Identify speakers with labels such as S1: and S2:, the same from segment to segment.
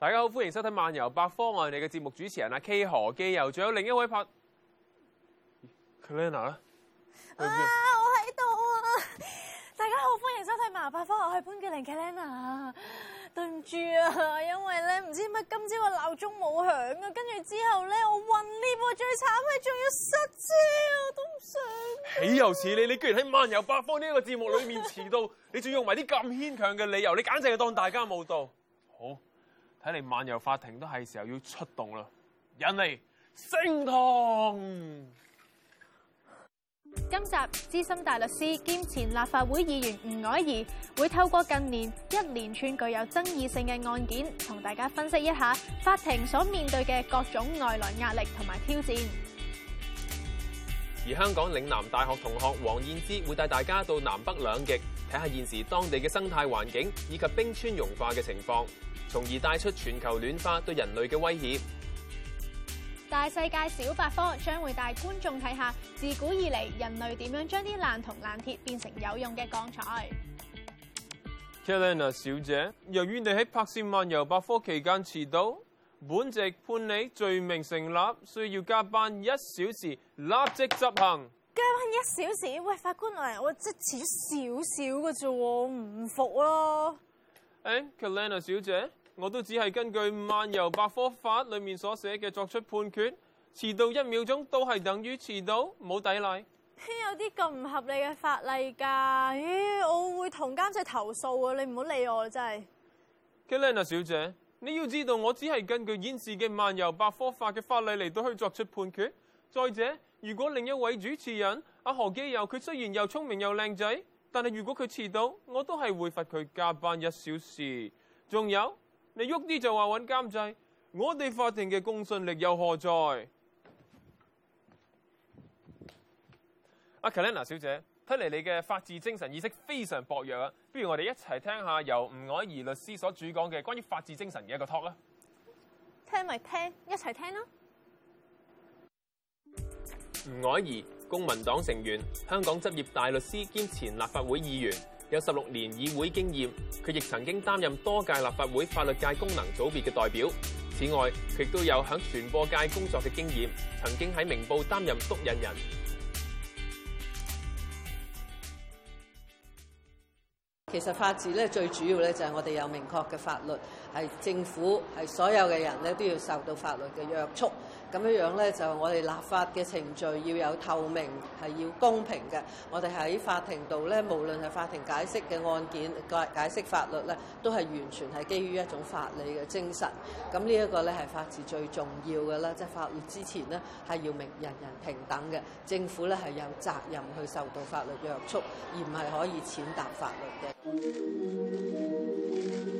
S1: 大家好，歡迎收睇《漫遊百科》，我哋嘅節目主持人阿 k 何基又，仲有另一位拍 k e l e n a 啊，我喺度
S2: 啊！大家好，歡迎收睇《漫遊百科》，我係潘潔玲 k e l e n a 對唔住啊，因為咧唔知乜今朝個鬧鐘冇響啊，跟住之後咧我混劣啊，最慘係仲要塞車，我都唔想，
S1: 啊。豈有此理！你居然喺《漫遊百科》呢、這個節目裏面遲到， 你仲用埋啲咁牽強嘅理由，你簡直係當大家冇到好。睇嚟漫遊法庭都係時候要出動啦！人嚟，升堂。
S2: 今集，資深大律師兼前立法會議員吳靄儀會透過近年一連串具有爭議性嘅案件，同大家分析一下法庭所面對嘅各種外來壓力同埋挑戰。
S1: 而香港嶺南大學同學王彥之會帶大家到南北兩極，睇下現時當地嘅生態環境以及冰川融化嘅情況。從而帶出全球暖化對人類嘅威脅。
S2: 大世界小百科將會帶觀眾睇下自古以嚟人類點樣將啲爛銅爛鐵變成有用嘅鋼材。
S1: Kalenna 小姐，由於你喺拍攝漫遊百科期間遲到，本席判你罪名成立，需要加班一小時，立即執行。
S2: 加班一小時？喂，法官啊，我即係遲咗少少嘅啫喎，唔服咯。
S1: 誒，Kalenna、哎、小姐。我都只係根據《漫遊百科法》裏面所寫嘅作出判決，遲到一秒鐘都係等於遲到，冇抵賴。
S2: 有啲咁唔合理嘅法例噶，咦？我會同監製投訴嘅，你唔好理我，真係。
S1: Kellena 小姐，你要知道，我只係根據現時嘅《漫遊百科法》嘅法例嚟到去作出判決。再者，如果另一位主持人阿何基友，佢雖然又聰明又靚仔，但係如果佢遲到，我都係會罰佢加班一小時。仲有。你喐啲就話揾監製，我哋法庭嘅公信力又何在？阿 Kathrina 小姐，睇嚟你嘅法治精神意識非常薄弱啊！不如我哋一齊聽下由吳靄儀律師所主講嘅關於法治精神嘅一個 talk 啦。
S2: 聽咪聽，一齊聽啦。
S1: 吳靄儀，公民黨成員，香港執業大律師，兼前立法會議員，有十六年議會經驗，佢亦曾經擔任多屆立法會法律界功能組別嘅代表。此外，佢亦都有喺傳播界工作嘅經驗，曾經喺明報擔任督印人。
S3: 其實法治咧，最主要咧，就係我哋有明確嘅法律，係政府，係所有嘅人咧都要受到法律嘅約束。咁樣呢，咧，就我哋立法嘅程序要有透明，係要公平嘅。我哋喺法庭度咧，無論係法庭解釋嘅案件解釋法律咧，都係完全係基於一種法理嘅精神。咁呢一個咧係法治最重要嘅啦，即係法律之前咧係要明人人平等嘅。政府咧係有責任去受到法律約束，而唔係可以踐踏法律嘅。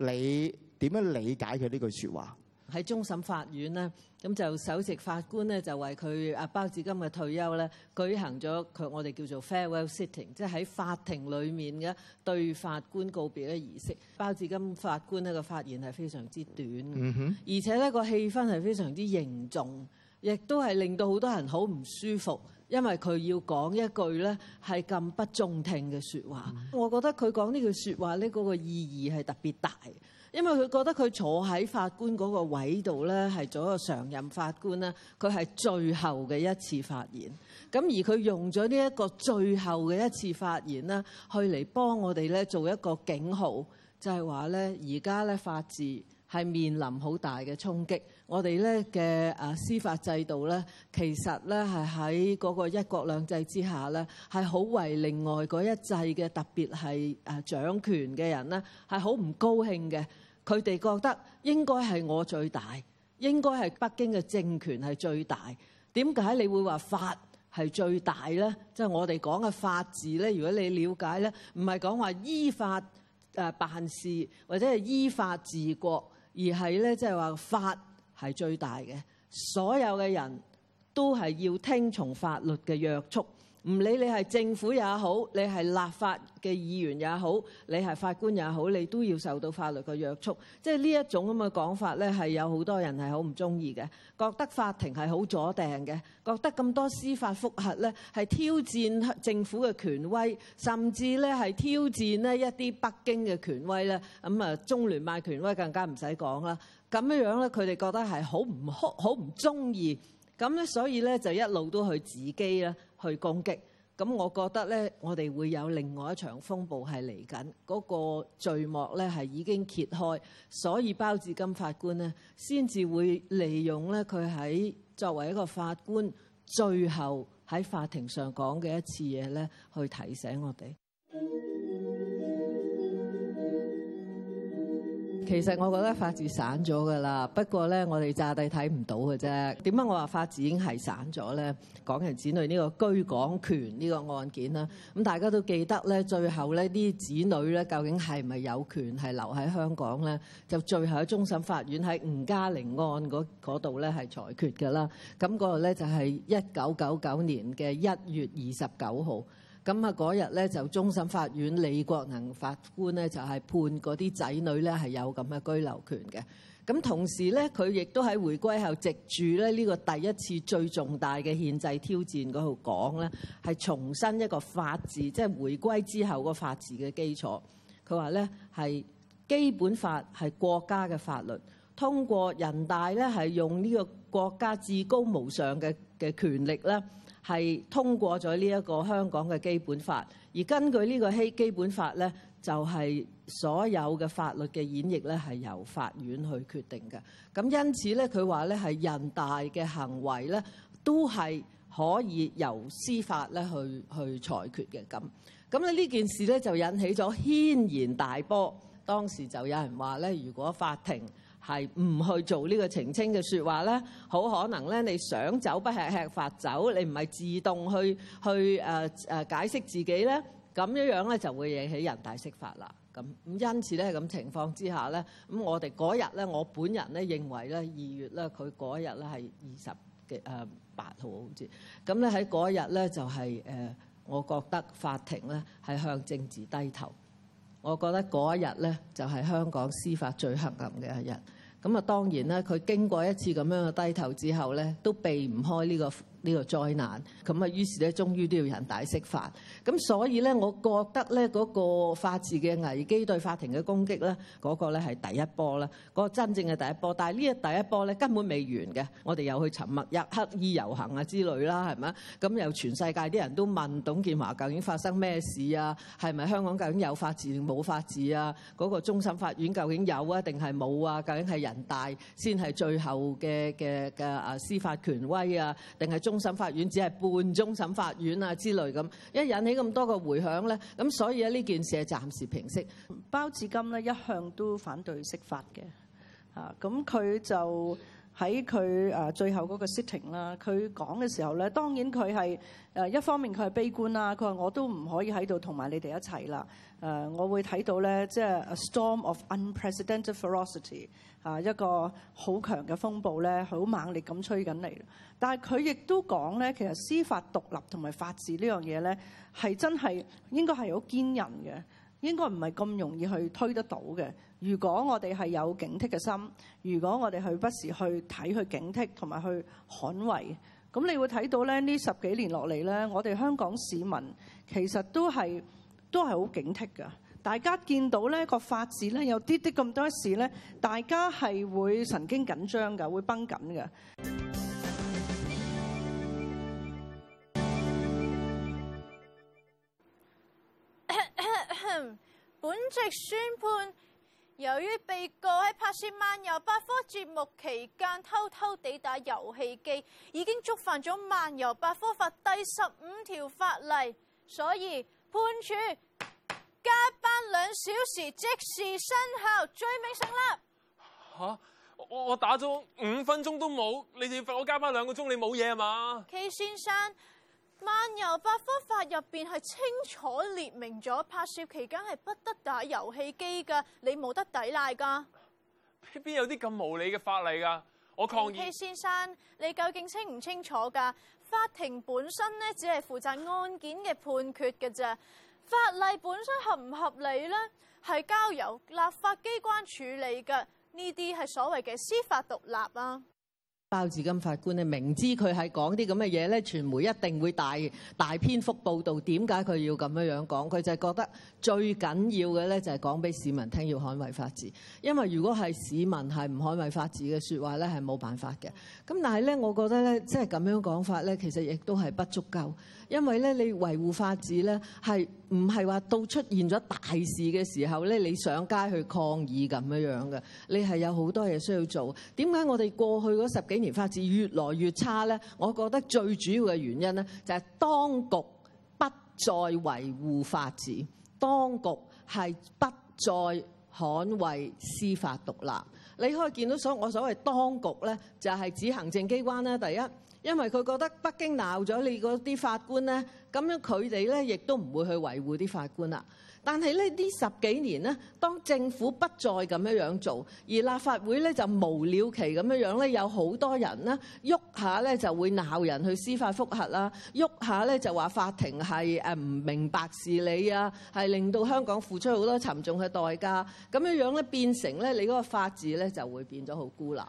S4: 你點樣理解佢呢句説話？
S3: 喺終審法院呢，咁就首席法官呢，就為佢阿包致金嘅退休呢，舉行咗佢我哋叫做 farewell sitting，即係喺法庭裡面嘅對法官告別嘅儀式。包致金法官呢個發言係非常之短，mm hmm. 而且呢個氣氛係非常之凝重，亦都係令到好多人好唔舒服。因為佢要講一句咧係咁不中聽嘅説話，我覺得佢講呢句説話咧嗰個意義係特別大，因為佢覺得佢坐喺法官嗰個位度咧係做一個常任法官咧，佢係最後嘅一次發言，咁而佢用咗呢一個最後嘅一次發言咧，去嚟幫我哋咧做一個警號，就係話咧而家咧法治係面臨好大嘅衝擊。我哋咧嘅誒司法制度咧，其實咧係喺嗰個一國兩制之下咧，係好為另外嗰一制嘅特別係誒掌權嘅人咧係好唔高興嘅。佢哋覺得應該係我最大，應該係北京嘅政權係最大。點解你會話法係最大咧？即係我哋講嘅法治咧，如果你了解咧，唔係講話依法誒辦事，或者係依法治國，而係咧即係話法。係最大嘅，所有嘅人都係要聽從法律嘅約束。唔理你係政府也好，你係立法嘅議員也好，你係法官也好，你都要受到法律嘅約束。即係呢一種咁嘅講法咧，係有好多人係好唔中意嘅，覺得法庭係好阻掟嘅，覺得咁多司法複核咧係挑戰政府嘅權威，甚至咧係挑戰咧一啲北京嘅權威咧。咁啊，中聯辦權威更加唔使講啦。咁樣樣咧，佢哋覺得係好唔好，好唔中意。咁咧，所以咧就一路都去自己啦，去攻擊。咁我覺得咧，我哋會有另外一場風暴係嚟緊，嗰、嗰個序幕咧係已經揭開，所以包志金法官咧先至會利用咧佢喺作為一個法官最後喺法庭上講嘅一次嘢咧，去提醒我哋。其實我覺得法治散咗㗎啦，不過呢我哋炸地睇唔到㗎啫。點解我話法治已經係散咗呢？港人子女呢個居港權呢個案件啦，大家都記得呢，最後咧啲子女究竟係咪有權係留喺香港呢？就最後喺終審法院喺吳嘉玲案嗰裏度係裁決㗎啦。咁、個、嗰就係一九九九年嘅一月二十九號。咁啊，嗰日咧就終審法院李國能法官咧就係判嗰啲仔女咧係有咁嘅居留權嘅。咁同時咧，佢亦都喺回歸後藉住咧呢個第一次最重大嘅憲制挑戰嗰度講咧，係重申一個法治，即係回歸之後個法治嘅基礎。佢話咧係基本法係國家嘅法律，通過人大咧係用呢個國家至高無上嘅嘅權力咧。係通過咗呢一個香港嘅基本法，而根據呢個希基本法咧，就係所有嘅法律嘅演繹咧係由法院去決定嘅。咁因此咧，佢話咧係人大嘅行為咧都係可以由司法咧去去裁決嘅。咁咁咧呢件事咧就引起咗軒然大波，當時就有人話咧，如果法庭係唔去做呢個澄清嘅説話咧，好可能咧你想走不吃吃法走，你唔係自動去去誒誒、啊啊、解釋自己咧，咁樣樣咧就會引起人大釋法啦。咁咁因此咧喺咁情況之下咧，咁我哋嗰日咧，我本人咧認為咧二月咧佢嗰日咧係二十嘅誒八號，好似咁咧喺嗰日咧就係、是、誒，我覺得法庭咧係向政治低頭。我覺得嗰一日呢，就係、是、香港司法最黑暗嘅一日。咁啊，當然啦，佢經過一次咁樣嘅低頭之後呢，都避唔開呢、這個。呢個災難，咁啊於是咧，終於都要人大釋法，咁所以咧，我覺得咧嗰個法治嘅危機對法庭嘅攻擊咧，嗰個咧係第一波啦，個真正嘅第一波。但係呢一第一波咧根本未完嘅，我哋又去沉默入黑衣遊行啊之類啦，係咪啊？咁又全世界啲人都問董建華究竟發生咩事啊？係咪香港究竟有法治定冇法治啊？嗰個終審法院究竟有啊定係冇啊？究竟係人大先係最後嘅嘅嘅啊司法權威啊，定係中？終審法院只係半終審法院啊之類咁，因為引起咁多個回響咧，咁所以咧呢件事係暫時平息。
S5: 包致金咧一向都反對釋法嘅，吓，咁佢就。喺佢誒最後嗰個 sitting 啦，佢講嘅時候咧，當然佢係誒一方面佢係悲觀啦，佢話我都唔可以喺度同埋你哋一齊啦。誒，我會睇到咧，即係 a storm of unprecedented ferocity，啊，一個好強嘅風暴咧，佢好猛烈咁吹緊嚟。但係佢亦都講咧，其實司法獨立同埋法治呢樣嘢咧，係真係應該係好堅韌嘅，應該唔係咁容易去推得到嘅。如果我哋係有警惕嘅心，如果我哋去不時去睇去警惕同埋去捍衞，咁你會睇到咧呢十幾年落嚟咧，我哋香港市民其實都係都係好警惕嘅。大家見到咧個法治，咧有啲啲咁多事咧，大家係會神經緊張嘅，會繃緊
S2: 嘅。 本席宣判。由於被告喺拍攝漫遊百科節目期間偷偷地打遊戲機，已經觸犯咗漫遊百科法第十五條法例，所以判處加班兩小時，即時生效，罪名成立。
S1: 吓、啊？我我打咗五分鐘都冇，你哋罰我加班兩個鐘，你冇嘢係嘛
S2: ？K 先生。漫遊百科法入邊係清楚列明咗拍攝期間係不得打遊戲機噶，你冇得抵賴噶。
S1: 邊有啲咁無理嘅法例噶、啊？我抗議。K K
S2: 先生，你究竟清唔清楚噶？法庭本身咧只係負責案件嘅判決嘅啫，法例本身合唔合理咧係交由立法機關處理嘅，呢啲係所謂嘅司法獨立啊。
S3: 包致金法官，你明知佢係講啲咁嘅嘢咧，傳媒一定會大大篇幅報道，點解佢要咁樣樣講？佢就係覺得最緊要嘅咧，就係講俾市民聽，要捍衛法治，因為如果係市民係唔捍衛法治嘅說話咧，係冇辦法嘅。咁但係咧，我覺得咧，即係咁樣講法咧，其實亦都係不足夠。因為咧，你維護法治咧，係唔係話到出現咗大事嘅時候咧，你上街去抗議咁樣樣嘅？你係有好多嘢需要做。點解我哋過去嗰十幾年法治越來越差咧？我覺得最主要嘅原因咧，就係當局不再維護法治，當局係不再捍衛司法獨立。你可以見到所我所謂當局咧，就係指行政機關咧，第一。因為佢覺得北京鬧咗你嗰啲法官咧，咁樣佢哋咧亦都唔會去維護啲法官啦。但係呢呢十幾年呢，當政府不再咁樣樣做，而立法會咧就無了期咁樣樣咧，有好多人呢喐下咧就會鬧人去司法覆核啦，喐下咧就話法庭係誒唔明白事理啊，係令到香港付出好多沉重嘅代價。咁樣樣咧變成咧你嗰個法治咧就會變咗好孤立。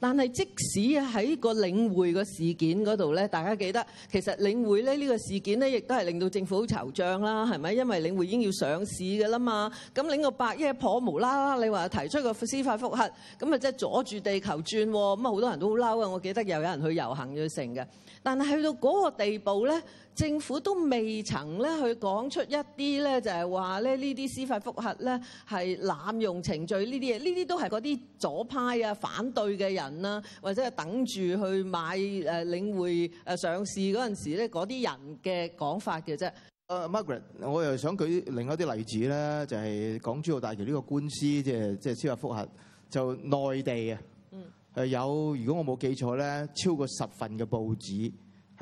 S3: 但係即使喺個領匯個事件嗰度呢，大家記得其實領匯咧呢、呢個事件呢，亦都係令到政府好惆悵啦，係咪？因為領匯已經要上市嘅啦嘛，咁領個百億破無啦啦，你話提出個司法復核，咁啊即係阻住地球轉，咁啊好多人都好嬲嘅。我記得又有人去遊行咗成嘅，但係去到嗰個地步呢。政府都未曾咧去講出一啲咧，就係話咧呢啲司法覆核咧係濫用程序呢啲嘢，呢啲都係嗰啲左派啊、反對嘅人啦，或者係等住去買誒領匯誒上市嗰陣時咧，嗰啲人嘅講法嘅啫。誒、uh, Margaret，
S4: 我又想舉另一啲例子咧，就係、是、港珠澳大橋呢個官司，即係即係司法覆核，就內地啊，嗯，係有，如果我冇記錯咧，超過十份嘅報紙。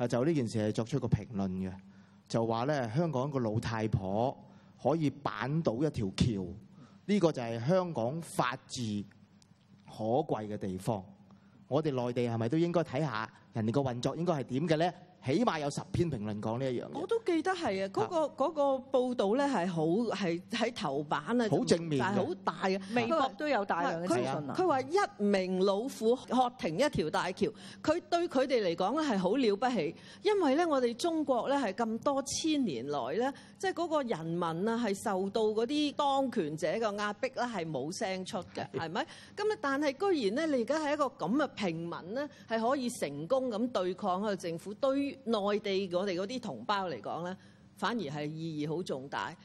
S4: 就呢件事係作出一個評論嘅，就話咧香港一個老太婆可以板倒一條橋，呢、這個就係香港法治可貴嘅地方。我哋內地係咪都應該睇下人哋個運作應該係點嘅咧？起碼有十篇評論講呢一樣。我
S3: 都記得係啊，嗰、嗰個嗰是的 報道咧係好係喺頭版啊，好正面，但係好大啊。美國都有大量嘅資訊。佢話一名老婦喝停一條大橋，佢對佢哋嚟講係好了不起，因為咧我哋中國咧係咁多千年來咧，即係嗰個人民啊係受到嗰啲當權者嘅壓迫咧係冇聲出嘅，係咪？咁啊但係居然咧，你而家係一個咁嘅平民咧係可以成功咁對抗個政府對。內地我哋嗰啲同胞嚟講咧，反而係意義好重大。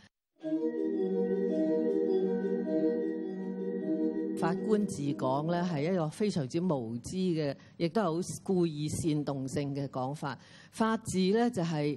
S3: 法官治港咧係一個非常之無知嘅，亦都係好故意煽動性嘅講法。法治咧就係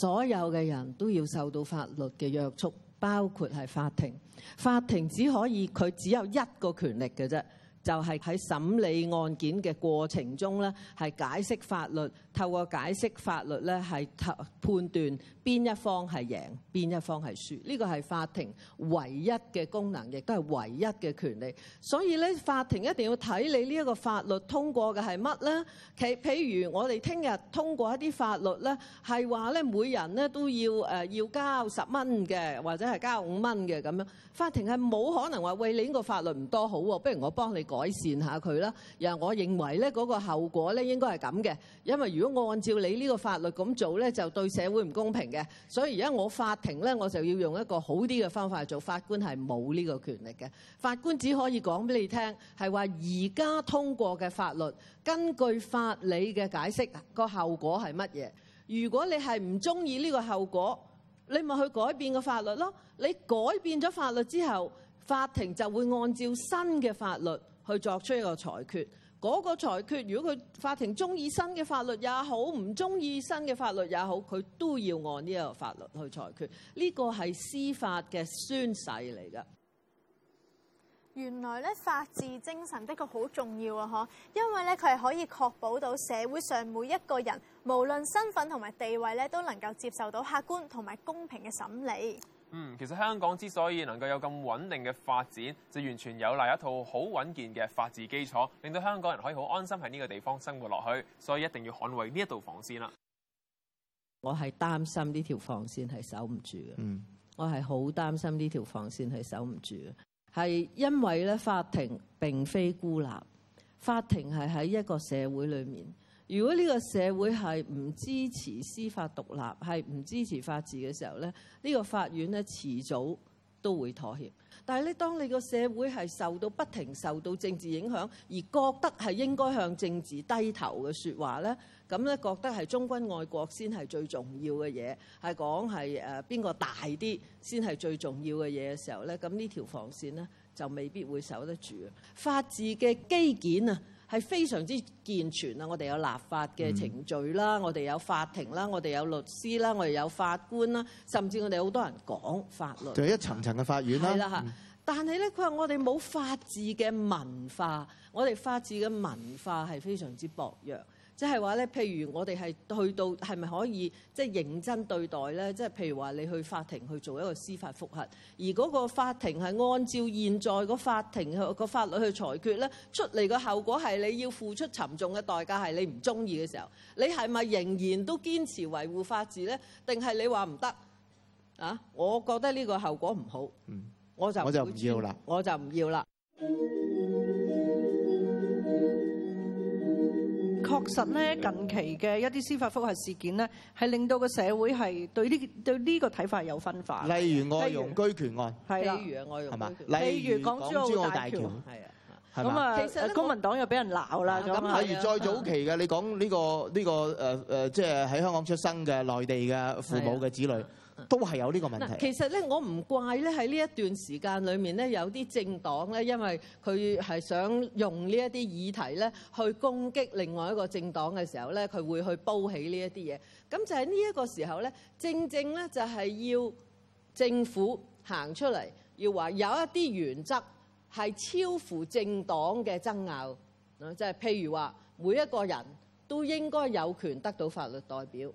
S3: 所有嘅人都要受到法律嘅約束，包括係法庭。法庭只可以，佢只有一個權力嘅啫，就係喺審理案件嘅過程中咧，係解釋法律。透過解釋法律咧，係判斷邊一方係贏，邊一方係輸。呢個係法庭唯一嘅功能，亦都係唯一嘅權利。所以咧，法庭一定要睇你呢一個法律通過嘅係乜咧？譬譬如我哋聽日通過一啲法律咧，係話咧每人咧都要誒要交十蚊嘅，或者係交五蚊嘅咁樣。法庭係冇可能話喂，你呢個法律唔多好，不如我幫你改善下佢啦。然後我認為咧嗰個後果咧應該係咁嘅，因為如果按照你呢個法律咁做呢，就對社會唔公平嘅。所以而家我法庭呢，我就要用一個好啲嘅方法去做。法官係冇呢個權力嘅，法官只可以講俾你聽，係話而家通過嘅法律，根據法理嘅解釋，個後果係乜嘢？如果你係唔中意呢個後果，你咪去改變個法律咯。你改變咗法律之後，法庭就會按照新嘅法律去作出一個裁決。嗰個裁決，如果佢法庭中意新嘅法律也好，唔中意新嘅法律也好，佢都要按呢個法律去裁決。呢個係司法嘅宣誓嚟㗎。
S2: 原來咧，法治精神的確好重要啊！嗬，因為咧，佢係可以確保到社會上每一個人，無論身份同埋地位咧，都能夠接受到客觀同埋公平嘅審理。
S1: 嗯，其實香港之所以能夠有咁穩定嘅發展，就完全有賴一套好穩健嘅法治基礎，令到香港人可以好安心喺呢個地方生活落去。所以一定要捍衞呢一道防線啦。
S3: 我係擔心呢條防線係守唔住嘅。嗯，我係好擔心呢條防線係守唔住嘅，係因為咧，法庭並非孤立，法庭係喺一個社會裏面。如果呢個社會係唔支持司法獨立，係唔支持法治嘅時候咧，呢、這個法院咧遲早都會妥協。但係咧，當你個社會係受到不停受到政治影響，而覺得係應該向政治低頭嘅説話咧，咁咧覺得係忠君愛國先係最重要嘅嘢，係講係誒邊個大啲先係最重要嘅嘢嘅時候咧，咁呢條防線咧就未必會守得住。法治嘅基建啊！係非常之健全啊！我哋有立法嘅程序啦，嗯、我哋有法庭啦，我哋有律師啦，我哋有法官啦，甚至我哋好多人講法律，就一層
S4: 層嘅法院啦。係啦、嗯、
S3: 但係呢，佢話我哋冇法治嘅文化，我哋法治嘅文化係非常之薄弱。即係話咧，譬如我哋係去到係咪可以即係、就是、認真對待咧？即、就、係、是、譬如話你去法庭去做一個司法覆核，而嗰個法庭係按照現在個法庭個法律去裁決咧，出嚟個後果係你要付出沉重嘅代價，係你唔中意嘅時候，你係咪仍然都堅持維護法治咧？定係你話唔得啊？我覺得呢個後果唔好，嗯、我就我就唔要啦，我就唔要啦。
S5: 確實咧，近期嘅一啲司法覆核事件咧，係令到個社會係對呢對呢個睇法有分化。例如外傭居權案，係我係嘛？吧例如港珠澳大橋，
S4: 係啊。咁啊吧，
S5: 其實公民黨又俾人鬧啦。咁吧，例如再早
S4: 期嘅，你講呢、呢個呢、呢個誒誒、呃，即係喺香港出生嘅內地嘅父母嘅子女。都係有呢個問題。其
S3: 實咧，我唔怪咧喺呢一段時間裡面咧，有啲政黨咧，因為佢係想用呢一啲議題咧去攻擊另外一個政黨嘅時候咧，佢會去煲起呢一啲嘢。咁就喺呢一個時候咧，正正咧就係要政府行出嚟，要話有一啲原則係超乎政黨嘅爭拗。即係譬如話，每一個人都應該有權得到法律代表。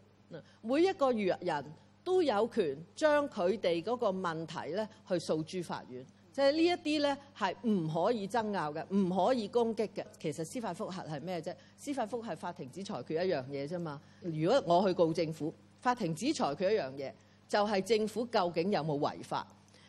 S3: 每一個約人。都有權將佢哋嗰個問題咧去訴諸法院，即係呢一啲咧係唔可以爭拗嘅，唔可以攻擊嘅。其實司法覆核係咩啫？司法覆核是法庭只裁決一樣嘢啫嘛。如果我去告政府，法庭只裁決一樣嘢，就係、是、政府究竟有冇違法。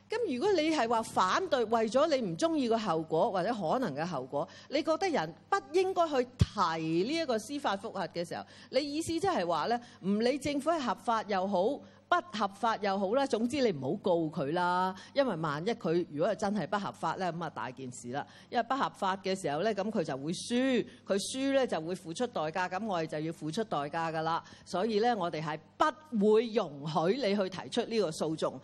S3: 咁如果你係話反對，為咗你唔中意個後果或者可能嘅後果，你覺得人不應該去提呢一個司法覆核嘅時候，你意思即係話咧，唔理政府係合法又好。不合法又好啦，總之你唔好告佢啦，因為萬一佢如果係真係不合法咧，咁啊大件事啦。因為不合法嘅時候咧，咁佢就會輸，佢輸咧就會付出代價，咁我哋就要付出代價㗎喇。所以咧，我哋係不會容許你去提出呢個訴訟，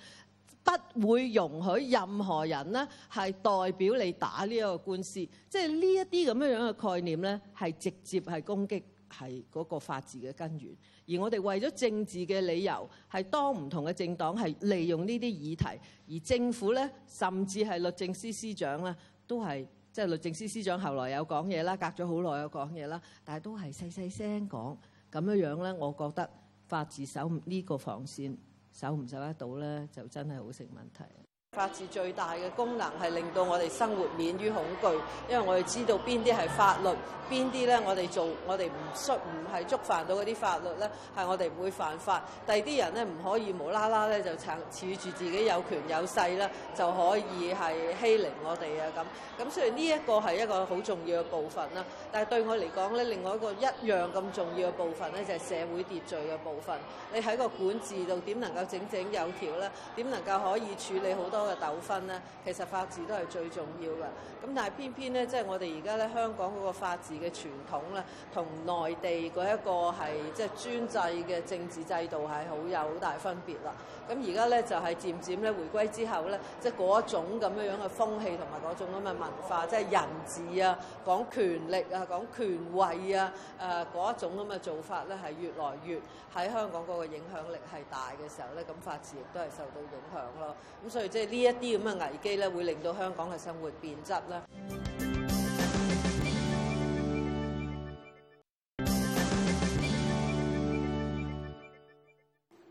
S3: 不會容許任何人咧係代表你打呢一個官司。即係呢一啲咁樣樣嘅概念咧，係直接係攻擊，係嗰個法治嘅根源。而我哋為咗政治嘅理由，係多唔同嘅政黨係利用呢啲議題，而政府咧，甚至係律政司司長咧，都係即係律政司司長後來有講嘢啦，隔咗好耐有講嘢啦，但係都係細細聲講咁樣樣咧，我覺得法治守唔呢個防線守唔守得到咧，就真係好成問題。法治最大嘅功能係令到我哋生活免於恐懼，因為我哋知道邊啲係法律，邊啲咧我哋做，我哋唔縮唔係觸犯到嗰啲法律咧，係我哋唔會犯法；第二啲人咧唔可以無啦啦咧就撐恃住自己有權有勢啦，就可以係欺凌我哋啊咁。咁雖然呢一個係一個好重要嘅部分啦，但係對我嚟講咧，另外一個一樣咁重要嘅部分咧就係社會秩序嘅部分。你喺個管治度點能夠整整有條咧？點能夠可以處理好多多嘅糾紛咧，其實法治都係最重要噶。咁但係偏偏咧，即係我哋而家咧香港嗰個法治嘅傳統咧，同內地嗰一個係即係專制嘅政治制度係好有好大分別啦。咁而家咧就係漸漸咧回歸之後咧，即係嗰一種咁樣樣嘅風氣同埋嗰種咁嘅文化，即係人治啊、講權力啊、講權位啊、誒嗰一種咁嘅做法咧，係越來越喺香港嗰個影響力係大嘅時候咧，咁法治亦都係受到影響咯。咁所以即係。呢一啲咁嘅危機咧，會令到香港嘅生活變質啦。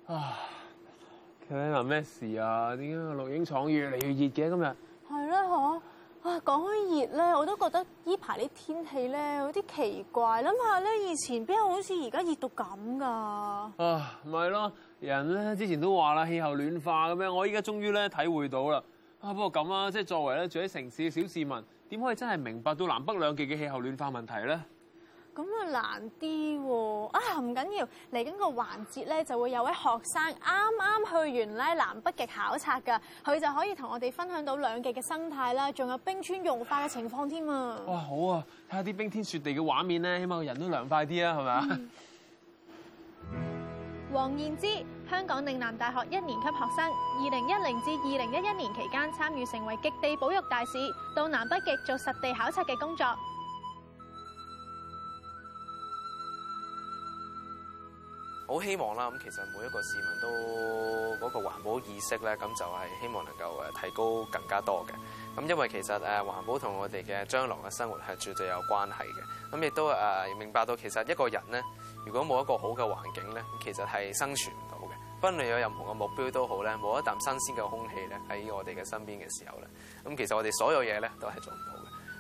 S1: 啊！佢哋諗咩事啊？點解個錄影廠越嚟越熱嘅？今日
S2: 係啦，嗬。啊，講開熱咧，我都覺得依排啲天氣咧，有啲奇怪。諗下咧，以前邊有好似而家熱到咁㗎？啊，
S1: 咪咯，人咧之前都話啦，氣候暖化咁樣，我依家終於咧體會到啦。啊，不過咁啊，即係作為咧住喺城市嘅小市民，點可以真係明白到南北兩極嘅氣候暖化問題咧？
S2: 咁啊難啲喎！啊唔緊要，嚟緊個環節咧就會有位學生啱啱去完咧南北極考察噶，佢就可以同我哋分享到兩極嘅生態啦，仲有冰川融化嘅情況添啊！
S1: 哇，好啊！睇下啲冰天雪地嘅畫面咧，起碼個人都涼快啲啊，係咪啊？
S2: 王彥之，香港嶺南大學一年級學生，二零一零至二零一一年期間參與成為極地保育大使，到南北極做實地考察嘅工作。
S6: 好希望啦，咁其實每一個市民都嗰個環保意識咧，咁就係希望能夠誒提高更加多嘅。咁因為其實誒環保同我哋嘅將來嘅生活係絕對有關係嘅。咁亦都誒明白到其實一個人咧，如果冇一個好嘅環境咧，其實係生存唔到嘅。不論有任何嘅目標都好咧，冇一啖新鮮嘅空氣咧喺我哋嘅身邊嘅時候咧，咁其實我哋所有嘢咧都係做唔到。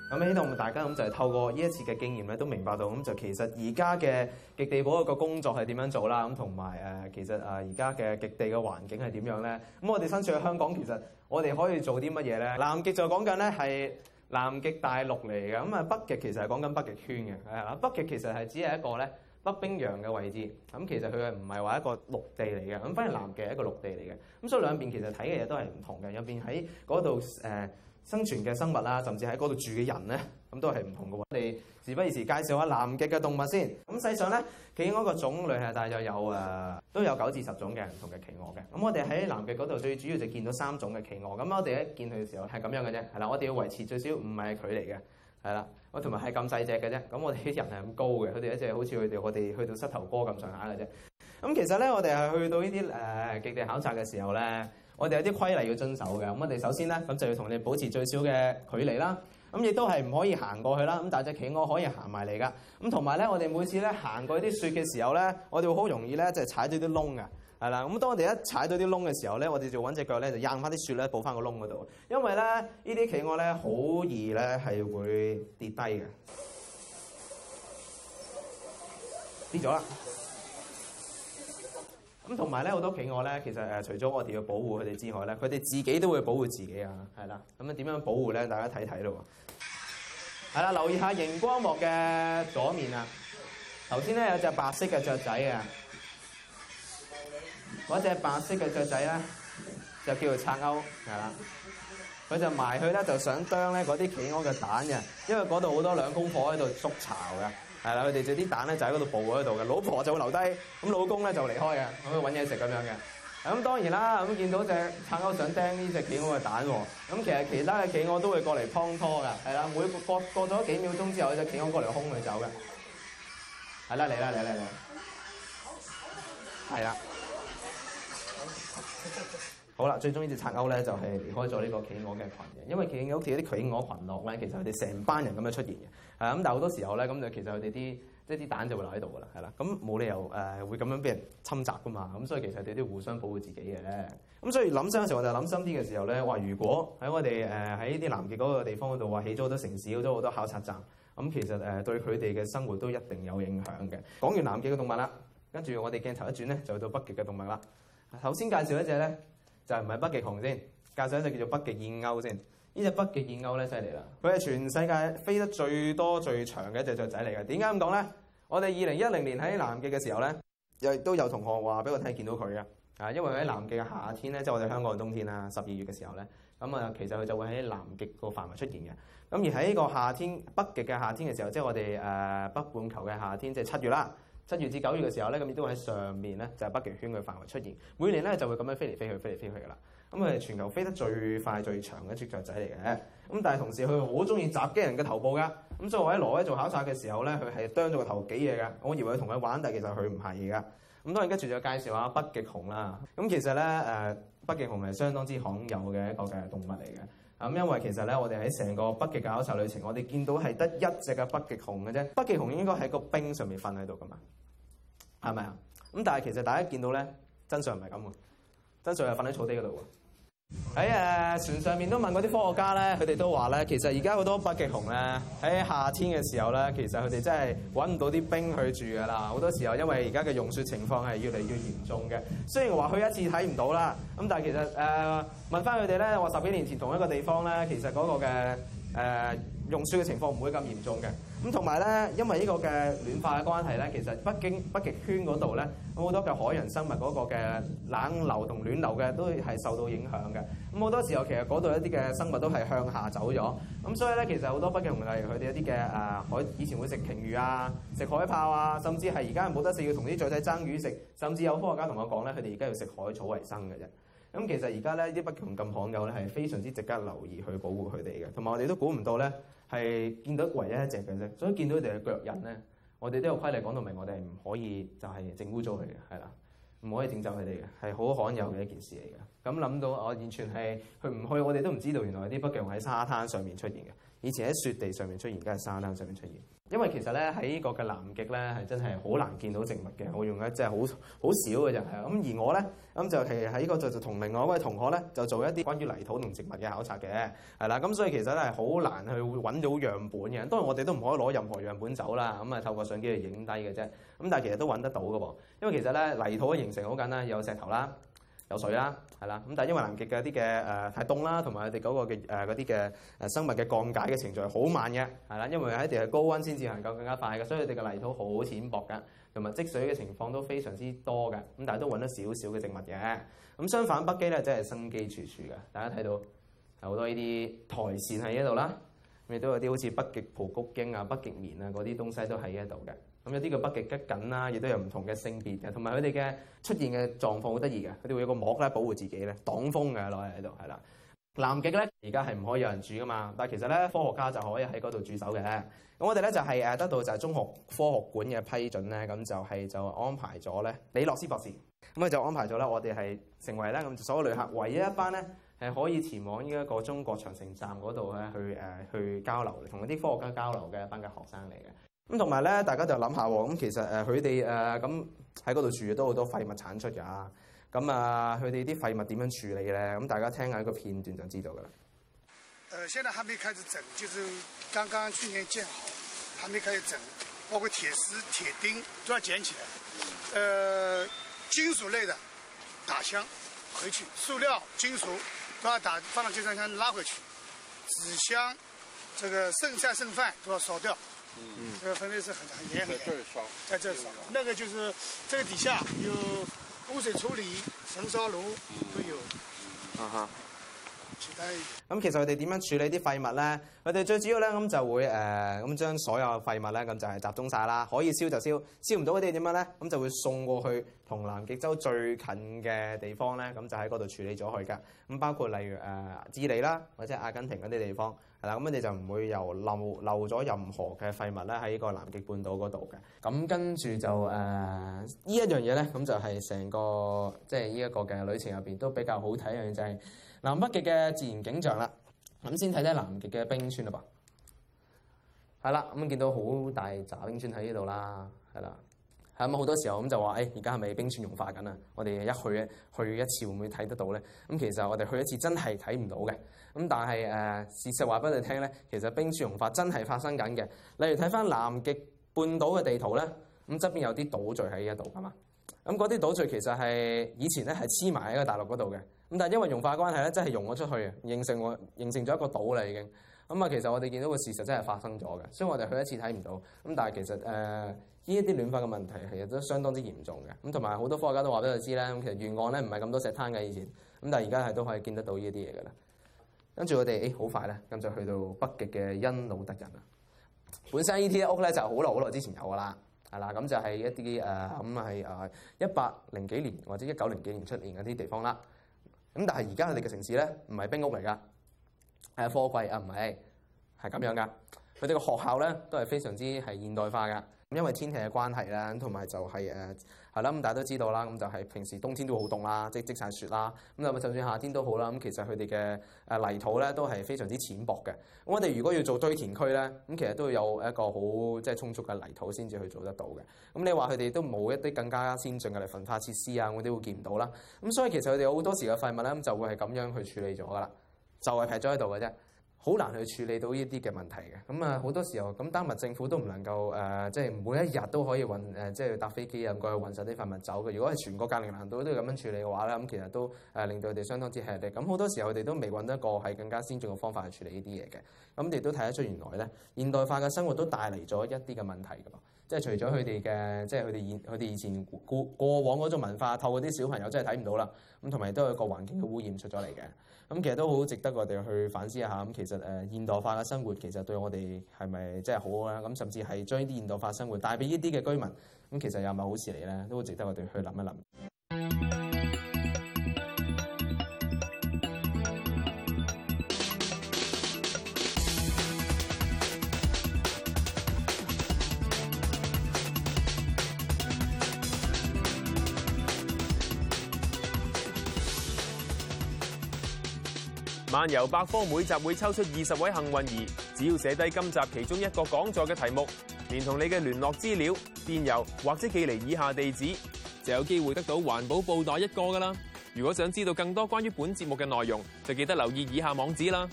S6: 咁喺度，大家咁就係透過呢一次嘅經驗咧，都明白到咁就其實而家嘅極地保個個工作係點樣做啦，咁同埋其實而家嘅極地嘅環境係點樣咧？咁我哋身處喺香港，其實我哋可以做啲乜嘢咧？南極就講緊咧係南極大陸嚟嘅，咁啊北極其實係講緊北極圈嘅，係啊北極其實係只係一個咧北冰洋嘅位置，咁其實佢係唔係話一個陸地嚟嘅？咁反而南極係一個陸地嚟嘅，咁所以兩邊其實睇嘅嘢都係唔同嘅。入邊喺嗰度生存嘅生物啦，甚至喺嗰度住嘅人咧，咁都係唔同嘅。我哋事不宜遲，介紹下南極嘅動物先。咁世上咧，企鵝個種類係大約，有有誒都有九至十種嘅唔同嘅企鵝嘅。咁我哋喺南極嗰度最主要就見到三種嘅企鵝。咁我哋一見佢嘅時候係咁樣嘅啫，係啦，我哋要維持最少五米嘅距離嘅，係啦，我同埋係咁細隻嘅啫。咁我哋啲人係咁高嘅，佢哋一隻好似佢哋我哋去到膝頭哥咁上下嘅啫。咁其實咧，我哋係去到呢啲誒極地考察嘅時候咧。我哋有啲規例要遵守嘅，咁我哋首先咧，咁就要同你保持最少嘅距離啦。咁亦都係唔可以行過去啦。咁但係大隻企鵝可以行埋嚟噶。咁同埋咧，我哋每次咧行過啲雪嘅時候咧，我哋會好容易咧就踩到啲窿嘅，係啦。咁當我哋一踩到啲窿嘅時候咧，我哋就揾隻腳咧就掙翻啲雪咧補翻個窿嗰度，因為咧呢啲企鵝咧好易咧係會跌低嘅，跌咗啦。咁同埋咧，好多企鵝咧，其實誒除咗我哋要保護佢哋之外咧，佢哋自己都會保護自己啊，係啦。咁啊點樣保護咧？大家睇睇咯。係啦，留意下熒光幕嘅左面啊。頭先咧有隻白色嘅雀仔啊，嗰隻白色嘅雀仔咧就叫做拆鈎，係啦。佢就埋去咧，就想啄咧嗰啲企鵝嘅蛋嘅，因為嗰度好多兩公婆喺度築巢嘅。係啦，佢哋隻啲蛋咧就喺嗰度捕喺度嘅，老婆就會留低，咁老公咧就離開嘅，去搵嘢食咁樣嘅。咁當然啦，咁見到隻鴨鵝想釘呢隻企鵝嘅蛋喎，咁其實其他嘅企鵝都會過嚟幫拖㗎，係啦，每個過咗幾秒鐘之後，隻、就是、企鵝過嚟兇佢走㗎。係啦，嚟啦，嚟嚟嚟，係啦。 好啦，最終次勾呢隻拆鈎咧就係、是、離開咗呢個企鵝嘅群嘅，因為企鵝好似啲企鵝群落咧，其實佢哋成班人咁樣出現嘅，係咁但係好多時候咧，咁就其實佢哋啲即係啲蛋就會留喺度噶啦，係啦。咁冇理由誒、呃、會咁樣俾人侵襲噶嘛。咁所以其實佢哋都互相保護自己嘅咧。咁所以諗深嘅時候，我就諗深啲嘅時候咧，話如果喺我哋誒喺啲南極嗰個地方度話起咗好多城市，起咗好多考察站，咁、嗯、其實誒、呃、對佢哋嘅生活都一定有影響嘅。講完南極嘅動物啦，跟住我哋鏡頭一轉咧，就去到北極嘅動物啦。頭先介紹一隻咧。就唔係北極熊先，介紹一隻叫做北極燕鷗先。呢隻北極燕鷗咧犀利啦，佢係全世界飛得最多、最長嘅一隻雀仔嚟嘅。點解咁講咧？我哋二零一零年喺南極嘅時候咧，又都有同學話俾我睇見到佢嘅。啊，因為喺南極嘅夏天咧，即係我哋香港嘅冬天啦，十二月嘅時候咧，咁啊，其實佢就會喺南極個範圍出現嘅。咁而喺呢個夏天，北極嘅夏天嘅時候，即係我哋誒北半球嘅夏天，即係七月啦。七月至九月嘅時候咧，咁亦都喺上面咧，就係北極圈嘅範圍出現。每年咧就會咁樣飛嚟飛去，飛嚟飛去噶啦。咁佢係全球飛得最快、最長嘅一隻雀仔嚟嘅。咁但係同時佢好中意襲擊人嘅頭部㗎。咁所以我喺挪威做考察嘅時候咧，佢係啄咗個頭幾嘢㗎。我以為佢同佢玩，但其實佢唔係㗎。咁當然跟住再介紹下北極熊啦。咁其實咧誒，北極熊係相當之罕有嘅一個嘅動物嚟嘅。咁因為其實咧，我哋喺成個北極考察旅程，我哋見到係得一隻嘅北極熊嘅啫。北極熊應該喺個冰上面瞓喺度㗎嘛。係咪啊？咁但係其實大家見到咧，真相唔係咁喎，真相係瞓喺草地嗰度喎。喺、呃、誒船上面都問嗰啲科學家咧，佢哋都話咧，其實而家好多北極熊咧，喺夏天嘅時候咧，其實佢哋真係揾唔到啲冰去住㗎喇。好多時候因為而家嘅融雪情況係越嚟越嚴重嘅。雖然話去一次睇唔到啦，咁但係其實誒、呃、問返佢哋咧，話十幾年前同一個地方咧，其實嗰個嘅誒。呃融雪嘅情況唔會咁嚴重嘅，咁同埋咧，因為呢個嘅暖化嘅關係咧，其實北京北極圈嗰度咧，咁好多嘅海洋生物嗰個嘅冷流同暖流嘅都係受到影響嘅，咁好多時候其實嗰度一啲嘅生物都係向下走咗，咁所以咧，其實好多北極熊例如佢哋一啲嘅誒海，以前會食鯨魚啊、食海豹啊，甚至係而家冇得食要同啲雀仔爭魚食，甚至有科學家同我講咧，佢哋而家要食海草為生嘅啫。咁其實而家咧啲北極熊咁罕有咧，係非常之值得留意去保護佢哋嘅。同埋我哋都估唔到咧，係見到唯一一隻嘅啫。所以見到佢哋嘅腳印咧，我哋都有規例講到明，我哋係唔可以就係整污糟佢嘅，係啦，唔可以整走佢哋嘅，係好罕有嘅一件事嚟嘅。咁諗到我完全係去唔去，我哋都唔知道原來啲北極熊喺沙灘上面出現嘅。以前喺雪地上面出現，梗係沙灘上面出現，因為其實咧喺呢個嘅南極咧係真係好難見到植物嘅，我用嘅真係好好少嘅就係，咁而我咧咁就其實喺呢個就就同另外一位同學咧就做一啲關於泥土同植物嘅考察嘅，係啦，咁所以其實咧係好難去揾到樣本嘅，當然我哋都唔可以攞任何樣本走啦，咁啊透過相機嚟影低嘅啫，咁但係其實都揾得到㗎喎，因為其實咧泥土嘅形成好簡單，有石頭啦。有水啦，係啦，咁但係因為南極嘅一啲嘅誒太凍啦，同埋佢哋嗰個嘅誒嗰啲嘅誒生物嘅降解嘅程序係好慢嘅，係啦，因為喺地係高溫先至能夠更加快嘅，所以佢哋嘅泥土好淺薄嘅，同埋積水嘅情況都非常之多嘅，咁但係都揾得少少嘅植物嘅。咁相反北極咧，真係生機處處嘅。大家睇到有好多呢啲苔蘚喺呢度啦，咁亦都有啲好似北極蒲菊荊啊、北極棉啊嗰啲東西都喺呢度嘅。有啲叫北極吉錦啦，亦都有唔同嘅性別嘅，同埋佢哋嘅出現嘅狀況好得意嘅，佢哋會有一個膜咧保護自己咧，擋風嘅落喺度係啦。南極咧而家係唔可以有人住噶嘛，但係其實咧科學家就可以喺嗰度駐守嘅。咁我哋咧就係、是、誒得到就係中學科學館嘅批准咧，咁就係就安排咗咧李洛斯博士，咁啊就安排咗咧我哋係成為咧咁所有旅客唯一一班咧係可以前往呢一個中國長城站嗰度咧去誒去交流，同嗰啲科學家交流嘅一班嘅學生嚟嘅。咁同埋咧，大家就諗下喎，咁其實誒佢哋誒咁喺嗰度住嘅都好多廢物產出㗎，咁啊佢哋啲廢物點樣處理咧？咁大家聽下呢個片段就知道㗎啦。誒、
S4: 呃，現在還沒開始整，就是剛剛去年建好，還沒開始整，包括鐵絲、鐵釘都要撿起來，誒、呃，金屬類的打槍回去，塑料、金屬都要打放到集裝箱拉回去，紙箱，這個剩菜剩飯都要燒掉。嗯，個分類是很很嚴很嚴，在這裏在、啊、這燒，那個就是，這個底下有污水處理、焚燒爐
S6: 都有。咁、嗯嗯啊、其實佢哋點樣處理啲廢物咧？我哋最主要咧咁就會誒咁將所有廢物咧咁就係集中晒啦，可以燒就燒，燒唔到嗰啲點樣咧？咁就會送過去同南極洲最近嘅地方咧，咁就喺嗰度處理咗去噶。咁包括例如誒、呃、智利啦，或者阿根廷嗰啲地方。係啦，咁你就唔會又漏漏咗任何嘅廢物咧喺呢個南極半島嗰度嘅。咁跟住就誒，呢、呃、一樣嘢咧，咁就係成個即係呢一個嘅旅程入邊都比較好睇一樣嘢，就係南北極嘅自然景象啦。咁先睇睇南極嘅冰川啦，噃，係啦，咁見到好大詐冰川喺呢度啦，係啦。咁好多時候咁就話，誒而家係咪冰川融化緊啊？我哋一去咧，去一次會唔會睇得到咧？咁其實我哋去一次真係睇唔到嘅。咁但係誒、呃、事實話俾你聽咧，其實冰川融化真係發生緊嘅。例如睇翻南極半島嘅地圖咧，咁側邊有啲島嶼喺一度啊嘛。咁嗰啲島嶼其實係以前咧係黐埋喺個大陸嗰度嘅。咁但係因為融化嘅關係咧，真係融咗出去啊，形成和形成咗一個島啦，已經。咁啊，其實我哋見到個事實真係發生咗嘅，所以我哋去一次睇唔到。咁但係其實誒，依一啲暖化嘅問題其實都相當之嚴重嘅。咁同埋好多科學家都話俾佢哋知咧，其實沿岸咧唔係咁多石灘嘅以前。咁但係而家係都可以見得到呢一啲嘢嘅啦。跟住我哋誒好快咧，咁就去到北極嘅因努特人啊。本身依啲屋咧就好耐好耐之前有嘅啦，係啦，咁就係、是、一啲誒咁係誒一八零幾年或者一九零幾年出現嗰啲地方啦。咁但係而家佢哋嘅城市咧唔係冰屋嚟㗎。係貨櫃啊，唔係係咁樣噶。佢哋個學校咧都係非常之係現代化噶。咁因為天氣嘅關係啦，同埋就係誒係啦。咁大家都知道啦，咁就係、是、平時冬天都好凍啦，積積曬雪啦。咁就咪就算夏天都好啦。咁其實佢哋嘅誒泥土咧都係非常之淺薄嘅。咁我哋如果要做堆填區咧，咁其實都要有一個好即係充足嘅泥土先至去做得到嘅。咁你話佢哋都冇一啲更加先進嘅嚟焚化設施啊，我哋都會見唔到啦。咁所以其實佢哋好多時嘅廢物咧，咁就會係咁樣去處理咗噶啦。就係撇咗喺度嘅啫，好難去處理到呢啲嘅問題嘅。咁啊，好多時候咁丹麥政府都唔能夠即係、呃就是、每一日都可以運即係搭飛機啊，過去運晒啲廢物走嘅。如果係全國隔離難度都要咁樣處理嘅話咧，咁其實都令到佢哋相當之吃力。咁好多時候佢哋都未揾到一個係更加先進嘅方法去處理呢啲嘢嘅。咁亦都睇得出原來咧，現代化嘅生活都帶嚟咗一啲嘅問題㗎嘛。即係除咗佢哋嘅，即係佢哋以佢哋以前過過往嗰種文化，透過啲小朋友真係睇唔到啦。咁同埋都有個環境嘅污染出咗嚟嘅。咁其實都好值得我哋去反思一下。咁其實誒現代化嘅生活其實對我哋係咪真係好咧？咁甚至係將呢啲現代化生活帶俾呢啲嘅居民，咁其實又係咪好事嚟咧，都好值得我哋去諗一諗。
S1: 漫遊百科每集會抽出二十位幸運兒，只要寫低今集其中一個講座嘅題目，連同你嘅聯絡資料、電郵或者寄嚟以下地址，就有機會得到環保布袋一個噶啦。如果想知道更多關於本節目嘅內容，就記得留意以下網址啦。